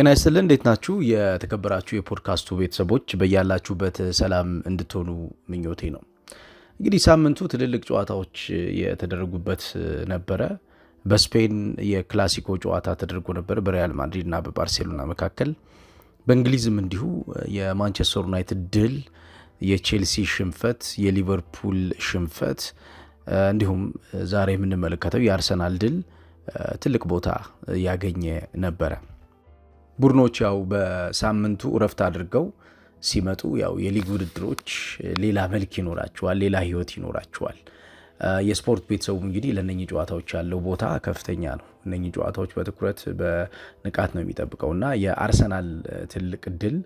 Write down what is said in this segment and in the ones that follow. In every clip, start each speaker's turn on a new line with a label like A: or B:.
A: ጤና ይስጥልን እንዴት ናችሁ? የተከበራችሁ የፖድካስቱ ቤተሰቦች በያላችሁበት ሰላም እንድትሆኑ ምኞቴ ነው። እንግዲህ ሳምንቱ ትልልቅ ጨዋታዎች የተደረጉበት ነበረ። በስፔን የክላሲኮ ጨዋታ ተደርጎ ነበር በሪያል ማድሪድ እና በባርሴሎና መካከል። በእንግሊዝም እንዲሁ የማንቸስተር ዩናይትድ ድል፣ የቼልሲ ሽንፈት፣ የሊቨርፑል ሽንፈት እንዲሁም ዛሬ የምንመለከተው የአርሰናል ድል ትልቅ ቦታ ያገኘ ነበረ። ቡድኖች ያው በሳምንቱ እረፍት አድርገው ሲመጡ ያው የሊግ ውድድሮች ሌላ መልክ ይኖራቸዋል፣ ሌላ ህይወት ይኖራቸዋል። የስፖርት ቤተሰቡ እንግዲህ ለእነኚህ ጨዋታዎች ያለው ቦታ ከፍተኛ ነው። እነኚህ ጨዋታዎች በትኩረት በንቃት ነው የሚጠብቀው እና የአርሰናል ትልቅ ድል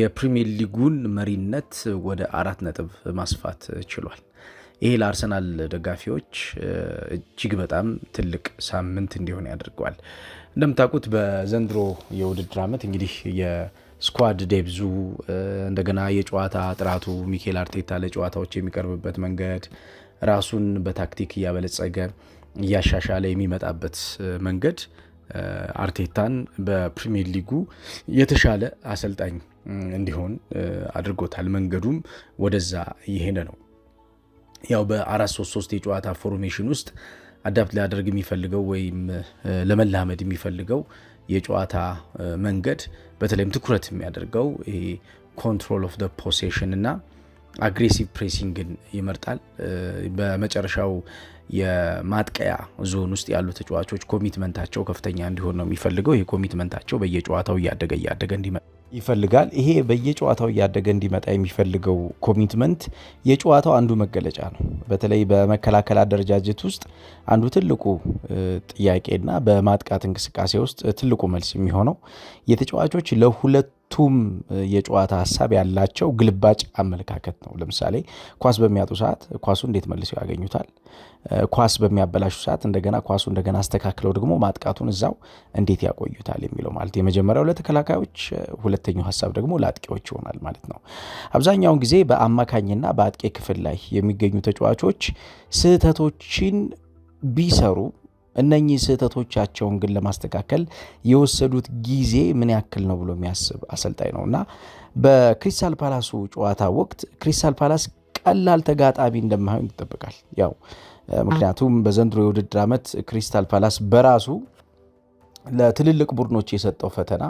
A: የፕሪሚየር ሊጉን መሪነት ወደ አራት ነጥብ ማስፋት ችሏል። ይሄ ለአርሰናል ደጋፊዎች እጅግ በጣም ትልቅ ሳምንት እንዲሆን ያደርገዋል። እንደምታውቁት በዘንድሮ የውድድር ዓመት እንግዲህ የስኳድ ዴብዙ እንደገና የጨዋታ ጥራቱ ሚኬል አርቴታ ለጨዋታዎች የሚቀርብበት መንገድ ራሱን በታክቲክ እያበለጸገ እያሻሻለ የሚመጣበት መንገድ አርቴታን በፕሪሚየር ሊጉ የተሻለ አሰልጣኝ እንዲሆን አድርጎታል። መንገዱም ወደዛ እየሄደ ነው። ያው በአራት ሶስት ሶስት የጨዋታ ፎርሜሽን ውስጥ አዳፕት ሊያደርግ የሚፈልገው ወይም ለመላመድ የሚፈልገው የጨዋታ መንገድ በተለይም ትኩረት የሚያደርገው ኮንትሮል ኦፍ ፖሴሽን እና አግሬሲቭ ፕሬሲንግን ይመርጣል። በመጨረሻው የማጥቀያ ዞን ውስጥ ያሉ ተጫዋቾች ኮሚትመንታቸው ከፍተኛ እንዲሆን ነው የሚፈልገው። ይህ ኮሚትመንታቸው በየጨዋታው እያደገ እያደገ እንዲመጣ ይፈልጋል። ይሄ በየጨዋታው እያደገ እንዲመጣ የሚፈልገው ኮሚትመንት የጨዋታው አንዱ መገለጫ ነው። በተለይ በመከላከል አደረጃጀት ውስጥ አንዱ ትልቁ ጥያቄና በማጥቃት እንቅስቃሴ ውስጥ ትልቁ መልስ የሚሆነው የተጫዋቾች ለሁለት ሁለቱም የጨዋታ ሀሳብ ያላቸው ግልባጭ አመለካከት ነው። ለምሳሌ ኳስ በሚያጡ ሰዓት ኳሱ እንዴት መልሰው ያገኙታል፣ ኳስ በሚያበላሹ ሰዓት እንደገና ኳሱ እንደገና አስተካክለው ደግሞ ማጥቃቱን እዛው እንዴት ያቆዩታል የሚለው ማለት የመጀመሪያው ለተከላካዮች፣ ሁለተኛው ሀሳብ ደግሞ ለአጥቂዎች ይሆናል ማለት ነው። አብዛኛውን ጊዜ በአማካኝና በአጥቂ ክፍል ላይ የሚገኙ ተጫዋቾች ስህተቶችን ቢሰሩ እነኚህ ስህተቶቻቸውን ግን ለማስተካከል የወሰዱት ጊዜ ምን ያክል ነው ብሎ የሚያስብ አሰልጣኝ ነው እና በክሪስታል ፓላሱ ጨዋታ ወቅት ክሪስታል ፓላስ ቀላል ተጋጣሚ እንደማይሆን ይጠበቃል። ያው ምክንያቱም በዘንድሮ የውድድር ዓመት ክሪስታል ፓላስ በራሱ ለትልልቅ ቡድኖች የሰጠው ፈተና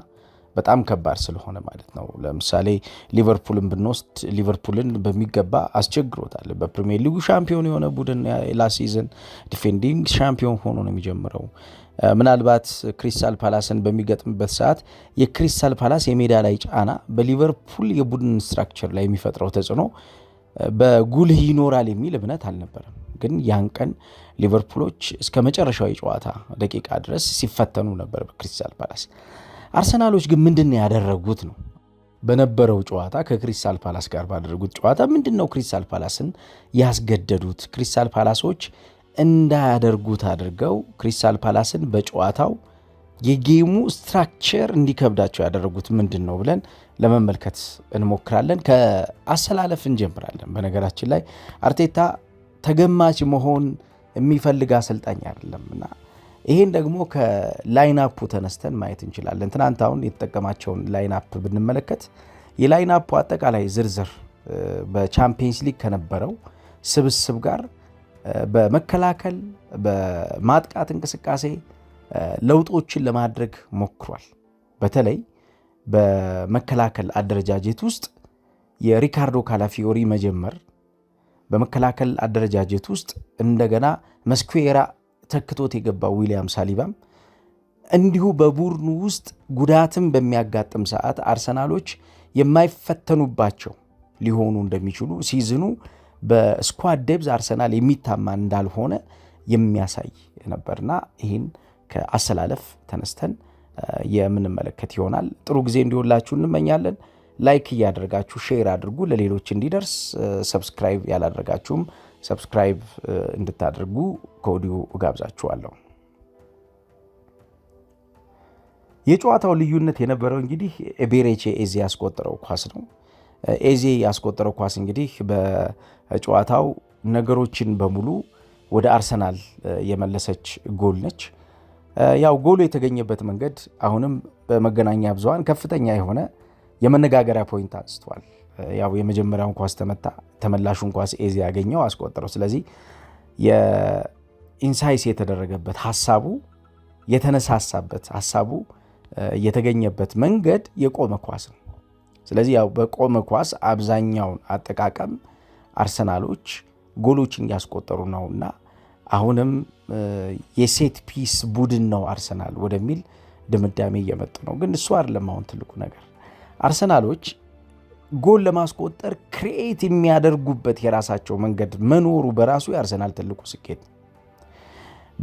A: በጣም ከባድ ስለሆነ ማለት ነው። ለምሳሌ ሊቨርፑልን ብንወስድ ሊቨርፑልን በሚገባ አስቸግሮታል። በፕሪሚየር ሊጉ ሻምፒዮን የሆነ ቡድን ላ ሲዝን ዲፌንዲንግ ሻምፒዮን ሆኖ ነው የሚጀምረው። ምናልባት ክሪስታል ፓላስን በሚገጥምበት ሰዓት የክሪስታል ፓላስ የሜዳ ላይ ጫና በሊቨርፑል የቡድን ስትራክቸር ላይ የሚፈጥረው ተጽዕኖ በጉልህ ይኖራል የሚል እምነት አልነበረም። ግን ያን ቀን ሊቨርፑሎች እስከ መጨረሻዊ ጨዋታ ደቂቃ ድረስ ሲፈተኑ ነበር በክሪስታል ፓላስ። አርሰናሎች ግን ምንድን ነው ያደረጉት ነው በነበረው ጨዋታ ከክሪስታል ፓላስ ጋር ባደረጉት ጨዋታ ምንድን ነው ክሪስታል ፓላስን ያስገደዱት? ክሪስታል ፓላሶች እንዳያደርጉት አድርገው ክሪስታል ፓላስን በጨዋታው የጌሙ ስትራክቸር እንዲከብዳቸው ያደረጉት ምንድን ነው ብለን ለመመልከት እንሞክራለን። ከአሰላለፍ እንጀምራለን። በነገራችን ላይ አርቴታ ተገማች መሆን የሚፈልግ አሰልጣኝ አይደለምና ይህን ደግሞ ከላይናፑ ተነስተን ማየት እንችላለን። ትናንት አሁን የተጠቀማቸውን ላይናፕ ብንመለከት የላይናፑ አጠቃላይ ዝርዝር በቻምፒየንስ ሊግ ከነበረው ስብስብ ጋር በመከላከል በማጥቃት እንቅስቃሴ ለውጦችን ለማድረግ ሞክሯል። በተለይ በመከላከል አደረጃጀት ውስጥ የሪካርዶ ካላፊዮሪ መጀመር፣ በመከላከል አደረጃጀት ውስጥ እንደገና መስኩዌራ ተክቶት የገባው ዊሊያም ሳሊባም እንዲሁ በቡድኑ ውስጥ ጉዳትም በሚያጋጥም ሰዓት አርሰናሎች የማይፈተኑባቸው ሊሆኑ እንደሚችሉ ሲዝኑ በስኳድ ደብዝ አርሰናል የሚታማ እንዳልሆነ የሚያሳይ ነበርና ይህን ከአሰላለፍ ተነስተን የምንመለከት ይሆናል። ጥሩ ጊዜ እንዲሆንላችሁ እንመኛለን። ላይክ እያደረጋችሁ ሼር አድርጉ፣ ለሌሎች እንዲደርስ ሰብስክራይብ ያላደረጋችሁም ሰብስክራይብ እንድታደርጉ ከወዲሁ እጋብዛችኋለሁ። የጨዋታው ልዩነት የነበረው እንግዲህ ኤቤሬቺ ኤዜ ያስቆጠረው ኳስ ነው። ኤዜ ያስቆጠረው ኳስ እንግዲህ በጨዋታው ነገሮችን በሙሉ ወደ አርሰናል የመለሰች ጎል ነች። ያው ጎሉ የተገኘበት መንገድ አሁንም በመገናኛ ብዙዋን ከፍተኛ የሆነ የመነጋገሪያ ፖይንት አንስቷል። ያው የመጀመሪያውን ኳስ ተመታ፣ ተመላሹን ኳስ ኤዜ ያገኘው አስቆጠረው። ስለዚህ የኢንሳይስ የተደረገበት ሀሳቡ የተነሳሳበት ሀሳቡ የተገኘበት መንገድ የቆመ ኳስ ነው። ስለዚህ ያው በቆመ ኳስ አብዛኛውን አጠቃቀም አርሰናሎች ጎሎችን እያስቆጠሩ ነው እና አሁንም የሴት ፒስ ቡድን ነው አርሰናል ወደሚል ድምዳሜ እየመጡ ነው። ግን እሱ አይደለም አሁን ትልቁ ነገር አርሰናሎች ጎል ለማስቆጠር ክሬኤት የሚያደርጉበት የራሳቸው መንገድ መኖሩ በራሱ የአርሰናል ትልቁ ስኬት ነው።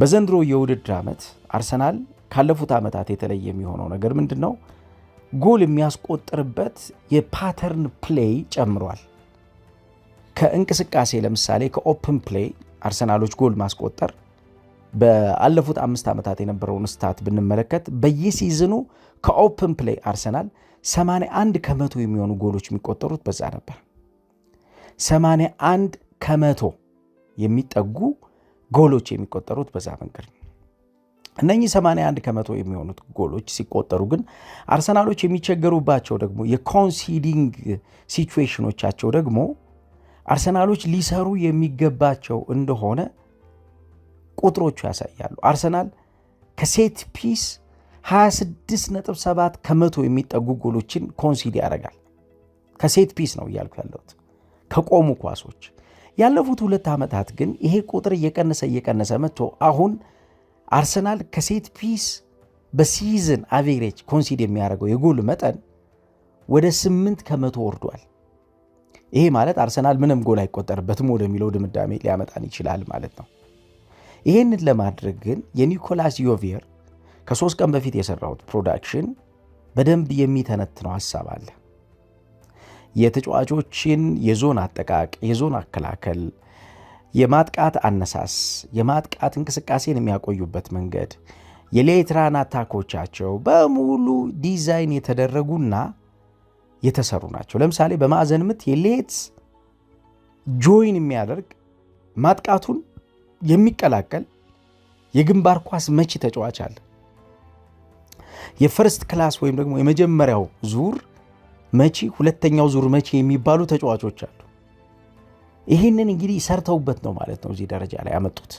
A: በዘንድሮ የውድድር ዓመት አርሰናል ካለፉት ዓመታት የተለየ የሚሆነው ነገር ምንድን ነው? ጎል የሚያስቆጥርበት የፓተርን ፕሌይ ጨምሯል። ከእንቅስቃሴ ለምሳሌ ከኦፕን ፕሌይ አርሰናሎች ጎል ማስቆጠር በአለፉት አምስት ዓመታት የነበረውን ስታት ብንመለከት በየሲዝኑ ከኦፕን ፕሌይ አርሰናል 81 ከመቶ የሚሆኑ ጎሎች የሚቆጠሩት በዛ ነበር። 81 ከመቶ የሚጠጉ ጎሎች የሚቆጠሩት በዛ መንገድ ነው። እነኚህ 81 ከመቶ የሚሆኑት ጎሎች ሲቆጠሩ ግን አርሰናሎች የሚቸገሩባቸው ደግሞ የኮንሲዲንግ ሲቹዌሽኖቻቸው ደግሞ አርሰናሎች ሊሰሩ የሚገባቸው እንደሆነ ቁጥሮቹ ያሳያሉ። አርሰናል ከሴት ፒስ 26.7 ከመቶ የሚጠጉ ጎሎችን ኮንሲድ ያደርጋል። ከሴት ፒስ ነው እያልኩ ያለሁት ከቆሙ ኳሶች። ያለፉት ሁለት ዓመታት ግን ይሄ ቁጥር እየቀነሰ እየቀነሰ መጥቶ አሁን አርሰናል ከሴት ፒስ በሲዝን አቬሬጅ ኮንሲድ የሚያደርገው የጎል መጠን ወደ 8 ከመቶ ወርዷል። ይሄ ማለት አርሰናል ምንም ጎል አይቆጠርበትም ወደሚለው ድምዳሜ ሊያመጣን ይችላል ማለት ነው። ይህንን ለማድረግ ግን የኒኮላስ ዮቪየር ከሶስት ቀን በፊት የሰራሁት ፕሮዳክሽን በደንብ የሚተነትነው ሀሳብ አለ። የተጫዋቾችን የዞን አጠቃቅ፣ የዞን አከላከል፣ የማጥቃት አነሳስ፣ የማጥቃት እንቅስቃሴን የሚያቆዩበት መንገድ፣ የሌትራን አታኮቻቸው በሙሉ ዲዛይን የተደረጉና የተሰሩ ናቸው። ለምሳሌ በማዕዘን ምት የሌት ጆይን የሚያደርግ ማጥቃቱን የሚቀላቀል የግንባር ኳስ መቺ ተጫዋች አለ። የፈርስት ክላስ ወይም ደግሞ የመጀመሪያው ዙር መቺ፣ ሁለተኛው ዙር መቺ የሚባሉ ተጫዋቾች አሉ። ይህንን እንግዲህ ሰርተውበት ነው ማለት ነው እዚህ ደረጃ ላይ ያመጡት።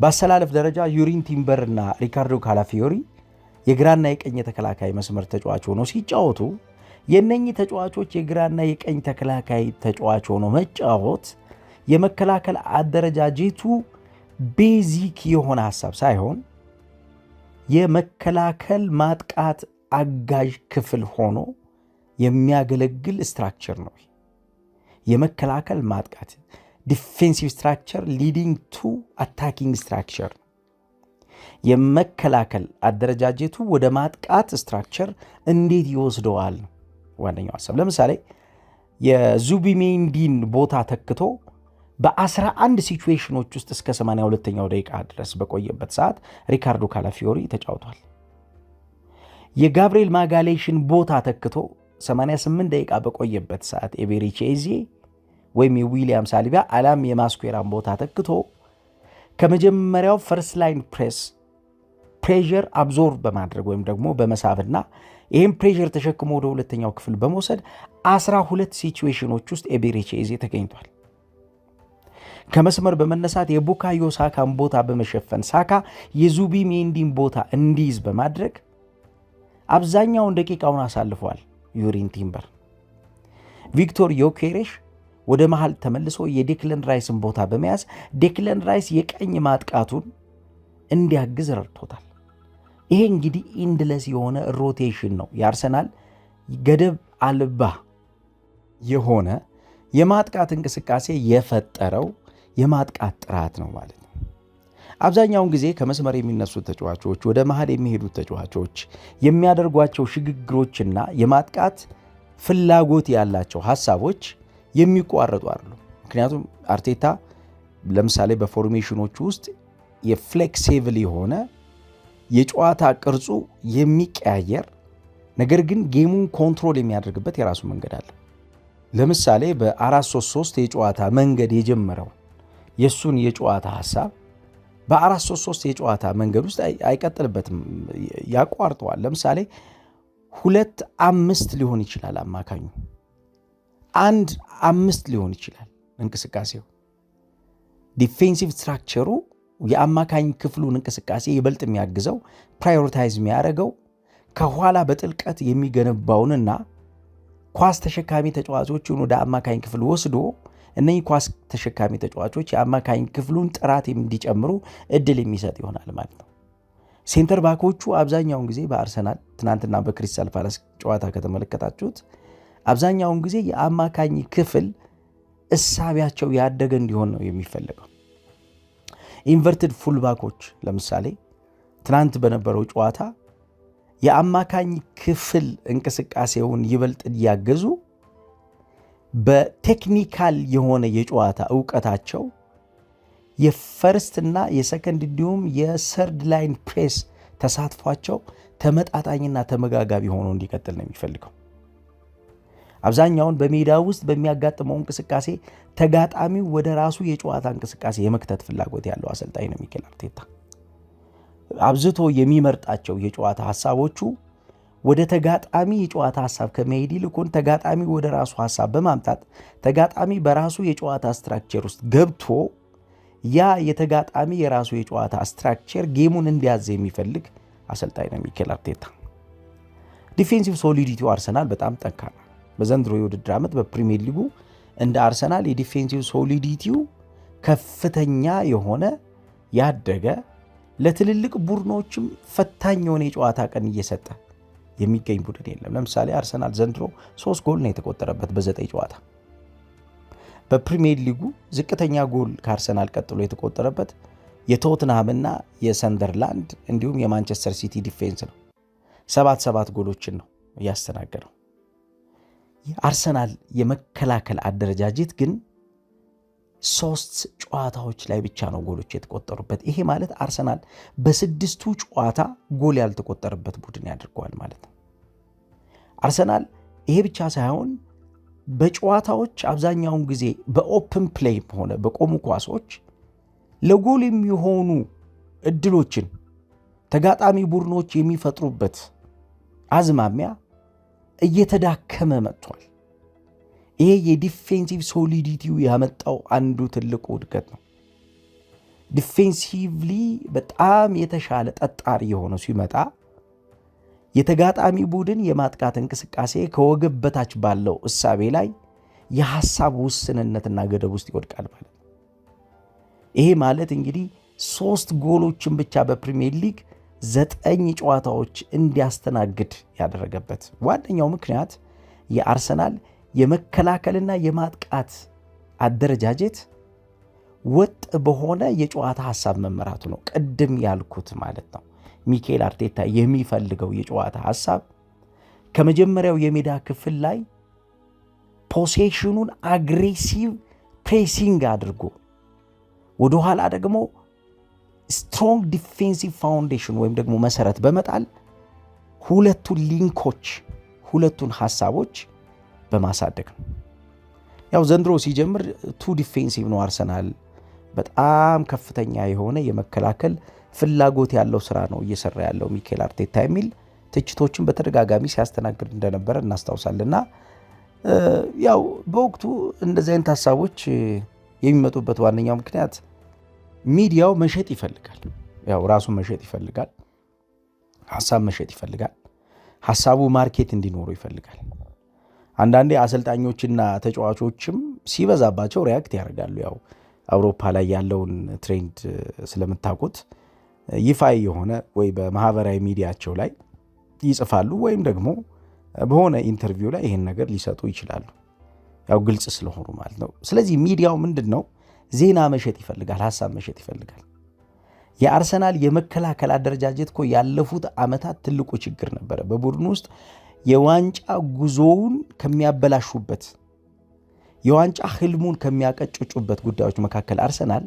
A: በአሰላለፍ ደረጃ ዩሪን ቲምበር እና ሪካርዶ ካላፊዮሪ የግራና የቀኝ የተከላካይ መስመር ተጫዋች ሆኖ ሲጫወቱ የነኚህ ተጫዋቾች የግራና የቀኝ ተከላካይ ተጫዋች ሆኖ መጫወት የመከላከል አደረጃጀቱ ቤዚክ የሆነ ሀሳብ ሳይሆን የመከላከል ማጥቃት አጋዥ ክፍል ሆኖ የሚያገለግል ስትራክቸር ነው። የመከላከል ማጥቃት ዲፌንሲቭ ስትራክቸር ሊዲንግ ቱ አታኪንግ ስትራክቸር የመከላከል አደረጃጀቱ ወደ ማጥቃት ስትራክቸር እንዴት ይወስደዋል? ዋነኛው ሀሳብ ለምሳሌ የዙቢሜንዲን ቦታ ተክቶ በ11 ሲቹዌሽኖች ውስጥ እስከ 82ኛው ደቂቃ ድረስ በቆየበት ሰዓት ሪካርዶ ካላፊዮሪ ተጫውቷል። የጋብሪኤል ማጋሌሽን ቦታ ተክቶ 88 ደቂቃ በቆየበት ሰዓት ኤቤሪቼዚ ወይም የዊሊያም ሳሊባ አላም የማስኩዌራን ቦታ ተክቶ ከመጀመሪያው ፈርስት ላይን ፕሬስ ፕሬር አብዞርቭ በማድረግ ወይም ደግሞ በመሳብና ይህም ፕሬር ተሸክሞ ወደ ሁለተኛው ክፍል በመውሰድ 12 ሲቹዌሽኖች ውስጥ ኤቤሪቼዚ ተገኝቷል። ከመስመር በመነሳት የቡካዮ ሳካን ቦታ በመሸፈን ሳካ የዙቢ ሜንዲን ቦታ እንዲይዝ በማድረግ አብዛኛውን ደቂቃውን አሳልፏል። ዩሪን ቲምበር ቪክቶር ዮኬሬሽ ወደ መሃል ተመልሶ የዴክለን ራይስን ቦታ በመያዝ ዴክለን ራይስ የቀኝ ማጥቃቱን እንዲያግዝ ረድቶታል። ይሄ እንግዲህ ኢንድለስ የሆነ ሮቴሽን ነው። የአርሰናል ገደብ አልባ የሆነ የማጥቃት እንቅስቃሴ የፈጠረው የማጥቃት ጥራት ነው ማለት ነው። አብዛኛውን ጊዜ ከመስመር የሚነሱት ተጫዋቾች ወደ መሀል የሚሄዱት ተጫዋቾች የሚያደርጓቸው ሽግግሮችና የማጥቃት ፍላጎት ያላቸው ሀሳቦች የሚቋረጡ አሉ። ምክንያቱም አርቴታ ለምሳሌ በፎርሜሽኖች ውስጥ የፍሌክሲብል የሆነ የጨዋታ ቅርጹ የሚቀያየር ነገር ግን ጌሙን ኮንትሮል የሚያደርግበት የራሱ መንገድ አለ። ለምሳሌ በ433 የጨዋታ መንገድ የጀመረው የእሱን የጨዋታ ሀሳብ በአራት ሶስት ሶስት የጨዋታ መንገድ ውስጥ አይቀጥልበትም፣ ያቋርጠዋል። ለምሳሌ ሁለት አምስት ሊሆን ይችላል፣ አማካኙ አንድ አምስት ሊሆን ይችላል። እንቅስቃሴው ዲፌንሲቭ ስትራክቸሩ የአማካኝ ክፍሉን እንቅስቃሴ ይበልጥ የሚያግዘው ፕራዮሪታይዝ የሚያደርገው ከኋላ በጥልቀት የሚገነባውንና ኳስ ተሸካሚ ተጫዋቾችን ወደ አማካኝ ክፍል ወስዶ እነኚህ ኳስ ተሸካሚ ተጫዋቾች የአማካኝ ክፍሉን ጥራት እንዲጨምሩ እድል የሚሰጥ ይሆናል ማለት ነው። ሴንተር ባኮቹ አብዛኛውን ጊዜ በአርሰናል ትናንትና በክሪስታል ፓላስ ጨዋታ ከተመለከታችሁት አብዛኛውን ጊዜ የአማካኝ ክፍል እሳቢያቸው ያደገ እንዲሆን ነው የሚፈለገው። ኢንቨርትድ ፉልባኮች ለምሳሌ ትናንት በነበረው ጨዋታ የአማካኝ ክፍል እንቅስቃሴውን ይበልጥ እያገዙ በቴክኒካል የሆነ የጨዋታ እውቀታቸው የፈርስትና የሰከንድ እንዲሁም የሰርድ ላይን ፕሬስ ተሳትፏቸው ተመጣጣኝና ተመጋጋቢ ሆኖ እንዲቀጥል ነው የሚፈልገው። አብዛኛውን በሜዳ ውስጥ በሚያጋጥመው እንቅስቃሴ ተጋጣሚው ወደ ራሱ የጨዋታ እንቅስቃሴ የመክተት ፍላጎት ያለው አሰልጣኝ ነው ሚኬል አርቴታ። አብዝቶ የሚመርጣቸው የጨዋታ ሀሳቦቹ ወደ ተጋጣሚ የጨዋታ ሀሳብ ከመሄድ ይልቁን ተጋጣሚ ወደ ራሱ ሀሳብ በማምጣት ተጋጣሚ በራሱ የጨዋታ ስትራክቸር ውስጥ ገብቶ ያ የተጋጣሚ የራሱ የጨዋታ ስትራክቸር ጌሙን እንዲያዝ የሚፈልግ አሰልጣኝ ነው ሚኬል አርቴታ። ዲፌንሲቭ ሶሊዲቲው አርሰናል በጣም ጠንካራ በዘንድሮ የውድድር ዓመት በፕሪሚየር ሊጉ እንደ አርሰናል የዲፌንሲቭ ሶሊዲቲው ከፍተኛ የሆነ ያደገ ለትልልቅ ቡድኖችም ፈታኝ የሆነ የጨዋታ ቀን እየሰጠ የሚገኝ ቡድን የለም። ለምሳሌ አርሰናል ዘንድሮ ሶስት ጎል ነው የተቆጠረበት በዘጠኝ ጨዋታ። በፕሪሚየር ሊጉ ዝቅተኛ ጎል ከአርሰናል ቀጥሎ የተቆጠረበት የቶትንሃምና የሰንደርላንድ እንዲሁም የማንቸስተር ሲቲ ዲፌንስ ነው። ሰባት ሰባት ጎሎችን ነው ያስተናገደው። አርሰናል የመከላከል አደረጃጀት ግን ሶስት ጨዋታዎች ላይ ብቻ ነው ጎሎች የተቆጠሩበት። ይሄ ማለት አርሰናል በስድስቱ ጨዋታ ጎል ያልተቆጠረበት ቡድን ያደርገዋል ማለት ነው። አርሰናል ይሄ ብቻ ሳይሆን በጨዋታዎች አብዛኛውን ጊዜ በኦፕን ፕሌይ ሆነ በቆሙ ኳሶች ለጎል የሚሆኑ እድሎችን ተጋጣሚ ቡድኖች የሚፈጥሩበት አዝማሚያ እየተዳከመ መጥቷል። ይሄ የዲፌንሲቭ ሶሊዲቲው ያመጣው አንዱ ትልቁ ውድቀት ነው። ዲፌንሲቭሊ በጣም የተሻለ ጠጣር የሆነ ሲመጣ የተጋጣሚ ቡድን የማጥቃት እንቅስቃሴ ከወገብ በታች ባለው እሳቤ ላይ የሐሳብ ውስንነትና ገደብ ውስጥ ይወድቃል ማለት ነው። ይሄ ማለት እንግዲህ ሶስት ጎሎችን ብቻ በፕሪሚየር ሊግ ዘጠኝ ጨዋታዎች እንዲያስተናግድ ያደረገበት ዋነኛው ምክንያት የአርሰናል የመከላከልና የማጥቃት አደረጃጀት ወጥ በሆነ የጨዋታ ሀሳብ መመራቱ ነው። ቅድም ያልኩት ማለት ነው። ሚኬል አርቴታ የሚፈልገው የጨዋታ ሀሳብ ከመጀመሪያው የሜዳ ክፍል ላይ ፖሴሽኑን አግሬሲቭ ፕሬሲንግ አድርጎ ወደኋላ ደግሞ ስትሮንግ ዲፌንሲቭ ፋውንዴሽን ወይም ደግሞ መሰረት በመጣል ሁለቱን ሊንኮች ሁለቱን ሀሳቦች በማሳደግ ነው። ያው ዘንድሮ ሲጀምር ቱ ዲፌንሲቭ ነው አርሰናል። በጣም ከፍተኛ የሆነ የመከላከል ፍላጎት ያለው ስራ ነው እየሰራ ያለው ሚኬል አርቴታ የሚል ትችቶችን በተደጋጋሚ ሲያስተናግድ እንደነበረ እናስታውሳልና ያው በወቅቱ እንደዚህ አይነት ሀሳቦች የሚመጡበት ዋነኛው ምክንያት ሚዲያው መሸጥ ይፈልጋል። ያው ራሱ መሸጥ ይፈልጋል። ሀሳብ መሸጥ ይፈልጋል። ሀሳቡ ማርኬት እንዲኖሩ ይፈልጋል። አንዳንዴ አሰልጣኞችና ተጫዋቾችም ሲበዛባቸው ሪያክት ያደርጋሉ። ያው አውሮፓ ላይ ያለውን ትሬንድ ስለምታውቁት ይፋ የሆነ ወይ በማህበራዊ ሚዲያቸው ላይ ይጽፋሉ ወይም ደግሞ በሆነ ኢንተርቪው ላይ ይህን ነገር ሊሰጡ ይችላሉ። ያው ግልጽ ስለሆኑ ማለት ነው። ስለዚህ ሚዲያው ምንድን ነው? ዜና መሸጥ ይፈልጋል፣ ሀሳብ መሸጥ ይፈልጋል። የአርሰናል የመከላከል አደረጃጀት እኮ ያለፉት ዓመታት ትልቁ ችግር ነበረ። በቡድን ውስጥ የዋንጫ ጉዞውን ከሚያበላሹበት የዋንጫ ህልሙን ከሚያቀጭጩበት ጉዳዮች መካከል አርሰናል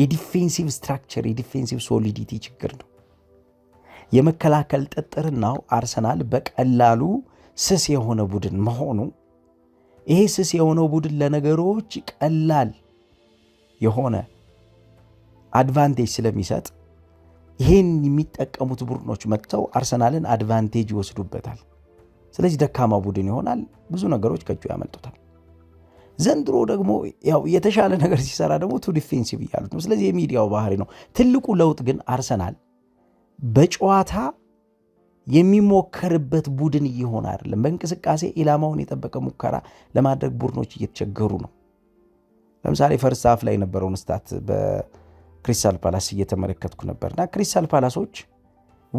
A: የዲፌንሲቭ ስትራክቸር የዲፌንሲቭ ሶሊዲቲ ችግር ነው። የመከላከል ጥጥርናው አርሰናል በቀላሉ ስስ የሆነ ቡድን መሆኑ ይሄ ስስ የሆነው ቡድን ለነገሮች ቀላል የሆነ አድቫንቴጅ ስለሚሰጥ ይህን የሚጠቀሙት ቡድኖች መጥተው አርሰናልን አድቫንቴጅ ይወስዱበታል። ስለዚህ ደካማ ቡድን ይሆናል። ብዙ ነገሮች ከእጁ ያመልጡታል። ዘንድሮ ደግሞ ያው የተሻለ ነገር ሲሰራ ደግሞ ቱ ዲፌንሲቭ እያሉት ነው። ስለዚህ የሚዲያው ባህሪ ነው ትልቁ ለውጥ። ግን አርሰናል በጨዋታ የሚሞከርበት ቡድን እየሆነ አይደለም። በእንቅስቃሴ ኢላማውን የጠበቀ ሙከራ ለማድረግ ቡድኖች እየተቸገሩ ነው። ለምሳሌ ፈርስት ሀፍ ላይ የነበረውን ስታት በክሪስታል ፓላስ እየተመለከትኩ ነበርና ክሪስታል ፓላሶች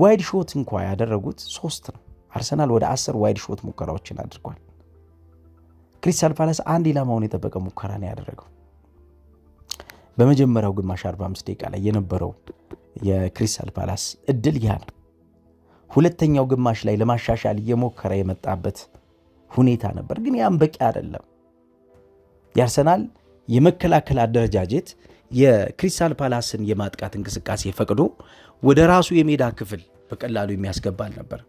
A: ዋይድ ሾት እንኳ ያደረጉት ሶስት ነው አርሰናል ወደ አስር ዋይድ ሾት ሙከራዎችን አድርጓል። ክሪስታል ፓላስ አንድ ኢላማውን የጠበቀ ሙከራ ነው ያደረገው። በመጀመሪያው ግማሽ 45 ደቂቃ ላይ የነበረው የክሪስታል ፓላስ እድል ያ ነው። ሁለተኛው ግማሽ ላይ ለማሻሻል እየሞከረ የመጣበት ሁኔታ ነበር፣ ግን ያም በቂ አይደለም። የአርሰናል የመከላከል አደረጃጀት የክሪስታል ፓላስን የማጥቃት እንቅስቃሴ ፈቅዶ ወደ ራሱ የሜዳ ክፍል በቀላሉ የሚያስገባ አልነበር።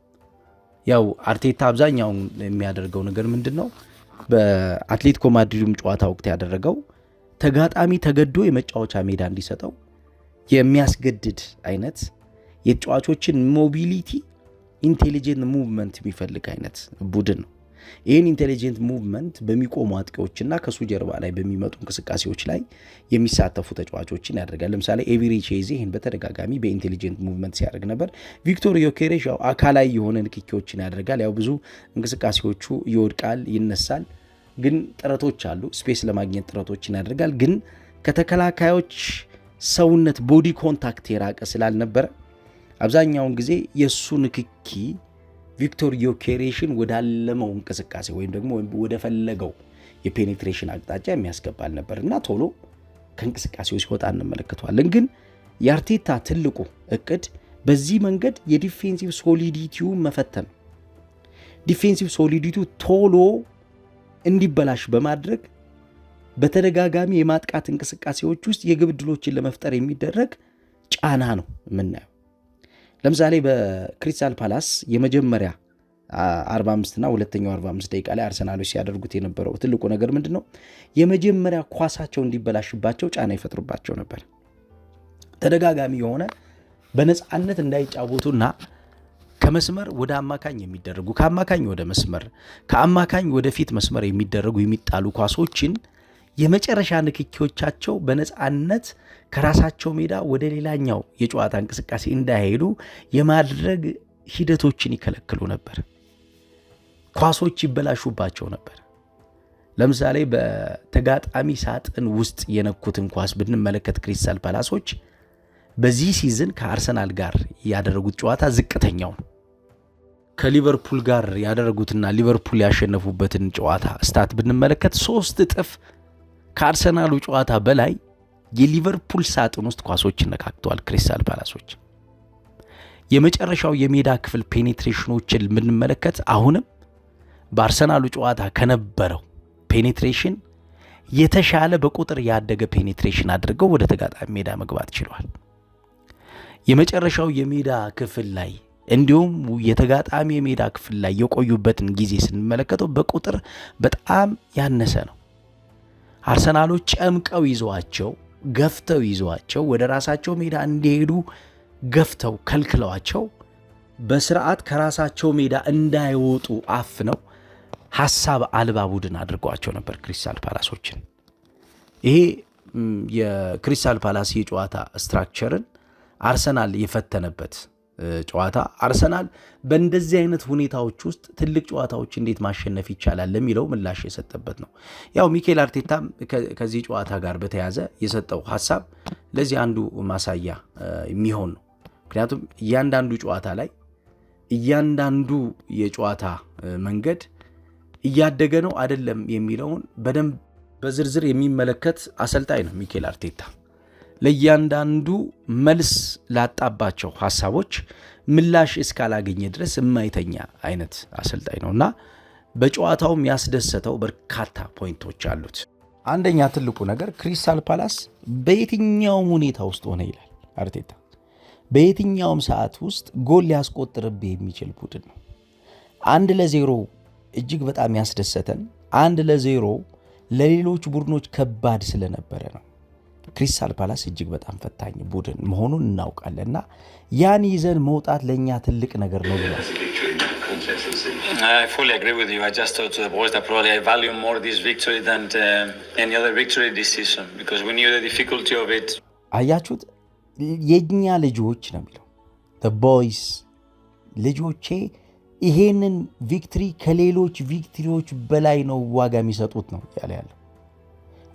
A: ያው አርቴታ አብዛኛውን የሚያደርገው ነገር ምንድን ነው? በአትሌቲኮ ማድሪዱም ጨዋታ ወቅት ያደረገው ተጋጣሚ ተገዶ የመጫወቻ ሜዳ እንዲሰጠው የሚያስገድድ አይነት የተጫዋቾችን ሞቢሊቲ ኢንቴሊጀንት ሙቭመንት የሚፈልግ አይነት ቡድን ነው። ይህን ኢንቴሊጀንት ሙቭመንት በሚቆሙ አጥቂዎችና ከሱ ጀርባ ላይ በሚመጡ እንቅስቃሴዎች ላይ የሚሳተፉ ተጫዋቾችን ያደርጋል። ለምሳሌ ኤቢሪ ይህን በተደጋጋሚ በኢንቴሊጀንት ሙቭመንት ሲያደርግ ነበር። ቪክቶር ዮኬሬሽ ያው አካላዊ የሆነ ንክኪዎችን ያደርጋል። ያው ብዙ እንቅስቃሴዎቹ ይወድቃል፣ ይነሳል፣ ግን ጥረቶች አሉ። ስፔስ ለማግኘት ጥረቶችን ያደርጋል፣ ግን ከተከላካዮች ሰውነት ቦዲ ኮንታክት የራቀ ስላልነበረ አብዛኛውን ጊዜ የእሱ ንክኪ ቪክቶር ዮኬሬሽን ወዳለመው እንቅስቃሴ ወይም ደግሞ ወደፈለገው የፔኔትሬሽን አቅጣጫ የሚያስገባ አልነበር እና ቶሎ ከእንቅስቃሴው ሲወጣ እንመለከተዋለን። ግን የአርቴታ ትልቁ እቅድ በዚህ መንገድ የዲፌንሲቭ ሶሊዲቲው መፈተን፣ ዲፌንሲቭ ሶሊዲቲው ቶሎ እንዲበላሽ በማድረግ በተደጋጋሚ የማጥቃት እንቅስቃሴዎች ውስጥ የግብ ለመፍጠር የሚደረግ ጫና ነው የምናየው። ለምሳሌ በክሪስታል ፓላስ የመጀመሪያ 45 እና ሁለተኛው 45 ደቂቃ ላይ አርሰናሎች ሲያደርጉት የነበረው ትልቁ ነገር ምንድን ነው? የመጀመሪያ ኳሳቸው እንዲበላሽባቸው ጫና ይፈጥሩባቸው ነበር። ተደጋጋሚ የሆነ በነፃነት እንዳይጫወቱና ከመስመር ወደ አማካኝ የሚደረጉ ከአማካኝ ወደ መስመር ከአማካኝ ወደፊት መስመር የሚደረጉ የሚጣሉ ኳሶችን የመጨረሻ ንክኪዎቻቸው በነፃነት ከራሳቸው ሜዳ ወደ ሌላኛው የጨዋታ እንቅስቃሴ እንዳይሄዱ የማድረግ ሂደቶችን ይከለክሉ ነበር። ኳሶች ይበላሹባቸው ነበር። ለምሳሌ በተጋጣሚ ሳጥን ውስጥ የነኩትን ኳስ ብንመለከት ክሪስታል ፓላሶች በዚህ ሲዝን ከአርሰናል ጋር ያደረጉት ጨዋታ ዝቅተኛው ነው። ከሊቨርፑል ጋር ያደረጉትና ሊቨርፑል ያሸነፉበትን ጨዋታ ስታት ብንመለከት ሶስት እጥፍ ከአርሰናሉ ጨዋታ በላይ የሊቨርፑል ሳጥን ውስጥ ኳሶችን ነካክተዋል። ክሪስታል ፓላሶች የመጨረሻው የሜዳ ክፍል ፔኔትሬሽኖችን የምንመለከት አሁንም በአርሰናሉ ጨዋታ ከነበረው ፔኔትሬሽን የተሻለ በቁጥር ያደገ ፔኔትሬሽን አድርገው ወደ ተጋጣሚ ሜዳ መግባት ችለዋል። የመጨረሻው የሜዳ ክፍል ላይ እንዲሁም የተጋጣሚ የሜዳ ክፍል ላይ የቆዩበትን ጊዜ ስንመለከተው በቁጥር በጣም ያነሰ ነው። አርሰናሎች ጨምቀው ይዘዋቸው ገፍተው ይዘዋቸው ወደ ራሳቸው ሜዳ እንዲሄዱ ገፍተው ከልክለዋቸው በስርዓት ከራሳቸው ሜዳ እንዳይወጡ አፍ ነው ሀሳብ አልባ ቡድን አድርጓቸው ነበር ክሪስታል ፓላሶችን። ይሄ የክሪስታል ፓላስ የጨዋታ ስትራክቸርን አርሰናል የፈተነበት ጨዋታ አርሰናል በእንደዚህ አይነት ሁኔታዎች ውስጥ ትልቅ ጨዋታዎች እንዴት ማሸነፍ ይቻላል ለሚለው ምላሽ የሰጠበት ነው። ያው ሚኬል አርቴታም ከዚህ ጨዋታ ጋር በተያዘ የሰጠው ሀሳብ ለዚህ አንዱ ማሳያ የሚሆን ነው። ምክንያቱም እያንዳንዱ ጨዋታ ላይ እያንዳንዱ የጨዋታ መንገድ እያደገ ነው አይደለም የሚለውን በደንብ በዝርዝር የሚመለከት አሰልጣኝ ነው ሚኬል አርቴታ። ለእያንዳንዱ መልስ ላጣባቸው ሀሳቦች ምላሽ እስካላገኘ ድረስ የማይተኛ አይነት አሰልጣኝ ነው እና በጨዋታውም ያስደሰተው በርካታ ፖይንቶች አሉት። አንደኛ ትልቁ ነገር ክሪስታል ፓላስ በየትኛውም ሁኔታ ውስጥ ሆነ ይላል አርቴታ፣ በየትኛውም ሰዓት ውስጥ ጎል ሊያስቆጥርብህ የሚችል ቡድን ነው። አንድ ለዜሮ እጅግ በጣም ያስደሰተን አንድ ለዜሮ ለሌሎች ቡድኖች ከባድ ስለነበረ ነው። ክሪስታል ፓላስ እጅግ በጣም ፈታኝ ቡድን መሆኑን እናውቃለን እና ያን ይዘን መውጣት ለእኛ ትልቅ ነገር ነው ብሏል። uh, uh, አያችሁት? የእኛ ልጆች ነው የሚለው ቦይስ ልጆቼ ይሄንን ቪክትሪ ከሌሎች ቪክትሪዎች በላይ ነው ዋጋ የሚሰጡት ነው ያለ ያለው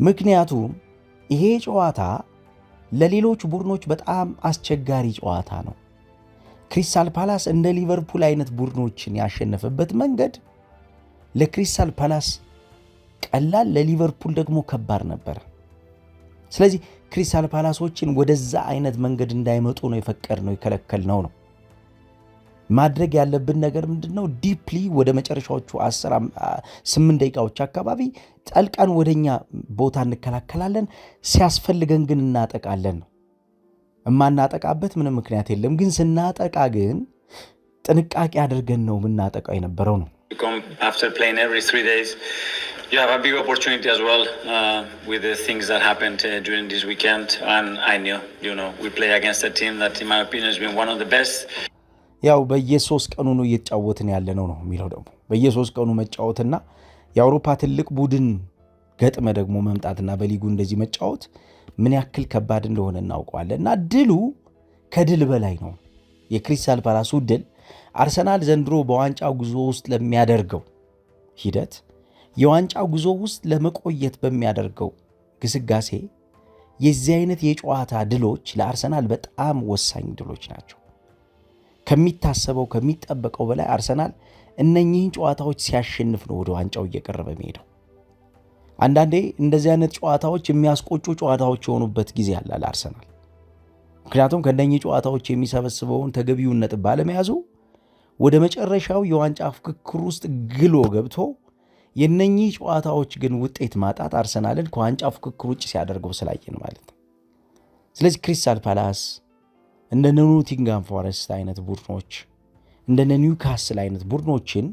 A: ምክንያቱም ይሄ ጨዋታ ለሌሎች ቡድኖች በጣም አስቸጋሪ ጨዋታ ነው። ክሪስታል ፓላስ እንደ ሊቨርፑል አይነት ቡድኖችን ያሸነፈበት መንገድ ለክሪስታል ፓላስ ቀላል፣ ለሊቨርፑል ደግሞ ከባድ ነበር። ስለዚህ ክሪስታል ፓላሶችን ወደዛ አይነት መንገድ እንዳይመጡ ነው የፈቀድ ነው የከለከል ነው ነው። ማድረግ ያለብን ነገር ምንድን ነው? ዲፕሊ ወደ መጨረሻዎቹ አስር ስምንት ደቂቃዎች አካባቢ ጠልቀን ወደኛ ቦታ እንከላከላለን። ሲያስፈልገን ግን እናጠቃለን ነው። የማናጠቃበት ምንም ምክንያት የለም። ግን ስናጠቃ ግን ጥንቃቄ አድርገን ነው የምናጠቃው የነበረው ነው። ያው በየሶስት ቀኑ ነው እየተጫወትን ያለ ነው ነው የሚለው ደግሞ በየሶስት ቀኑ መጫወትና የአውሮፓ ትልቅ ቡድን ገጥመ ደግሞ መምጣትና በሊጉ እንደዚህ መጫወት ምን ያክል ከባድ እንደሆነ እናውቀዋለን። እና ድሉ ከድል በላይ ነው። የክሪስታል ፓላሱ ድል አርሰናል ዘንድሮ በዋንጫ ጉዞ ውስጥ ለሚያደርገው ሂደት የዋንጫ ጉዞ ውስጥ ለመቆየት በሚያደርገው ግስጋሴ የዚህ አይነት የጨዋታ ድሎች ለአርሰናል በጣም ወሳኝ ድሎች ናቸው። ከሚታሰበው ከሚጠበቀው በላይ አርሰናል እነኚህን ጨዋታዎች ሲያሸንፍ ነው ወደ ዋንጫው እየቀረበ የሚሄደው። አንዳንዴ እንደዚህ አይነት ጨዋታዎች የሚያስቆጩ ጨዋታዎች የሆኑበት ጊዜ አለ አርሰናል። ምክንያቱም ከእነኚህ ጨዋታዎች የሚሰበስበውን ተገቢውን ነጥብ ባለመያዙ ወደ መጨረሻው የዋንጫ ፍክክር ውስጥ ግሎ ገብቶ የነኚህ ጨዋታዎች ግን ውጤት ማጣት አርሰናልን ከዋንጫ ፍክክር ውጭ ሲያደርገው ስላየን ማለት ነው። ስለዚህ ክሪስታል ፓላስ እንደ ኖቲንጋም ፎረስት አይነት ቡድኖች እንደ ኒውካስል አይነት ቡድኖችን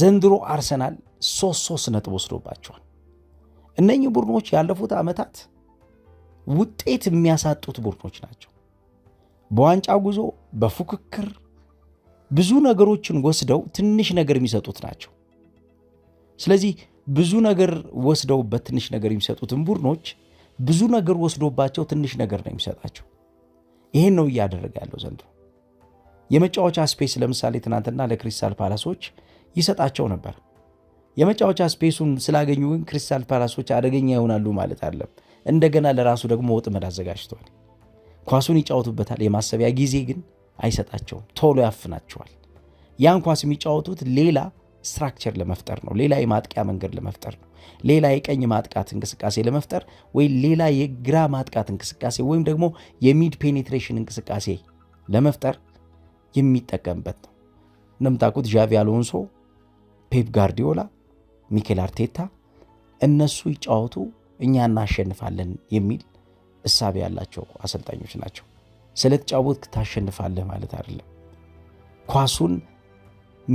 A: ዘንድሮ አርሰናል ሶስት ሶስት ነጥብ ወስዶባቸዋል። እነኚህ ቡድኖች ያለፉት ዓመታት ውጤት የሚያሳጡት ቡድኖች ናቸው። በዋንጫ ጉዞ፣ በፉክክር ብዙ ነገሮችን ወስደው ትንሽ ነገር የሚሰጡት ናቸው። ስለዚህ ብዙ ነገር ወስደውበት ትንሽ ነገር የሚሰጡትን ቡድኖች ብዙ ነገር ወስዶባቸው ትንሽ ነገር ነው የሚሰጣቸው። ይሄን ነው እያደረገ ያለው ዘንድሮ። የመጫወቻ ስፔስ ለምሳሌ ትናንትና ለክሪስታል ፓላሶች ይሰጣቸው ነበር። የመጫወቻ ስፔሱን ስላገኙ ግን ክሪስታል ፓላሶች አደገኛ ይሆናሉ ማለት አለም። እንደገና ለራሱ ደግሞ ወጥመድ አዘጋጅተዋል። ኳሱን ይጫወቱበታል። የማሰቢያ ጊዜ ግን አይሰጣቸውም፣ ቶሎ ያፍናቸዋል። ያን ኳስ የሚጫወቱት ሌላ ስትራክቸር ለመፍጠር ነው። ሌላ የማጥቂያ መንገድ ለመፍጠር ነው። ሌላ የቀኝ ማጥቃት እንቅስቃሴ ለመፍጠር ወይም ሌላ የግራ ማጥቃት እንቅስቃሴ ወይም ደግሞ የሚድ ፔኔትሬሽን እንቅስቃሴ ለመፍጠር የሚጠቀምበት ነው። እንደምታውቁት ዣቪ አሎንሶ፣ ፔፕ ጋርዲዮላ፣ ሚኬል አርቴታ እነሱ ይጫወቱ እኛ እናሸንፋለን የሚል እሳቤ ያላቸው አሰልጣኞች ናቸው። ስለተጫወትክ ታሸንፋለህ ማለት አይደለም። ኳሱን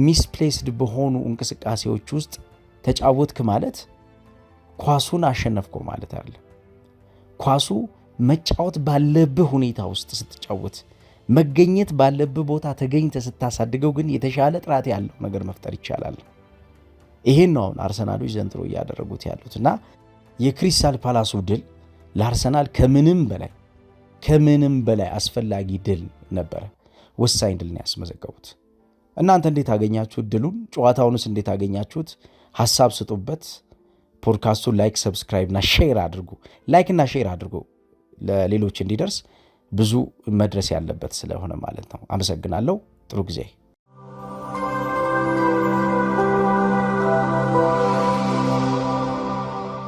A: ሚስፕሌስድ በሆኑ እንቅስቃሴዎች ውስጥ ተጫወትክ ማለት ኳሱን አሸነፍከው ማለት አለ። ኳሱ መጫወት ባለብህ ሁኔታ ውስጥ ስትጫወት፣ መገኘት ባለብህ ቦታ ተገኝተ ስታሳድገው ግን የተሻለ ጥራት ያለው ነገር መፍጠር ይቻላል። ይሄን ነው አሁን አርሰናሎች ዘንድሮ እያደረጉት ያሉት እና የክሪስታል ፓላሱ ድል ለአርሰናል ከምንም በላይ ከምንም በላይ አስፈላጊ ድል ነበረ። ወሳኝ ድል ነው ያስመዘገቡት። እናንተ እንዴት አገኛችሁት ድሉን? ጨዋታውንስ እንዴት አገኛችሁት? ሀሳብ ስጡበት። ፖድካስቱን ላይክ፣ ሰብስክራይብ እና ሼር አድርጉ። ላይክ እና ሼር አድርጉ ለሌሎች እንዲደርስ ብዙ መድረስ ያለበት ስለሆነ ማለት ነው። አመሰግናለሁ። ጥሩ ጊዜ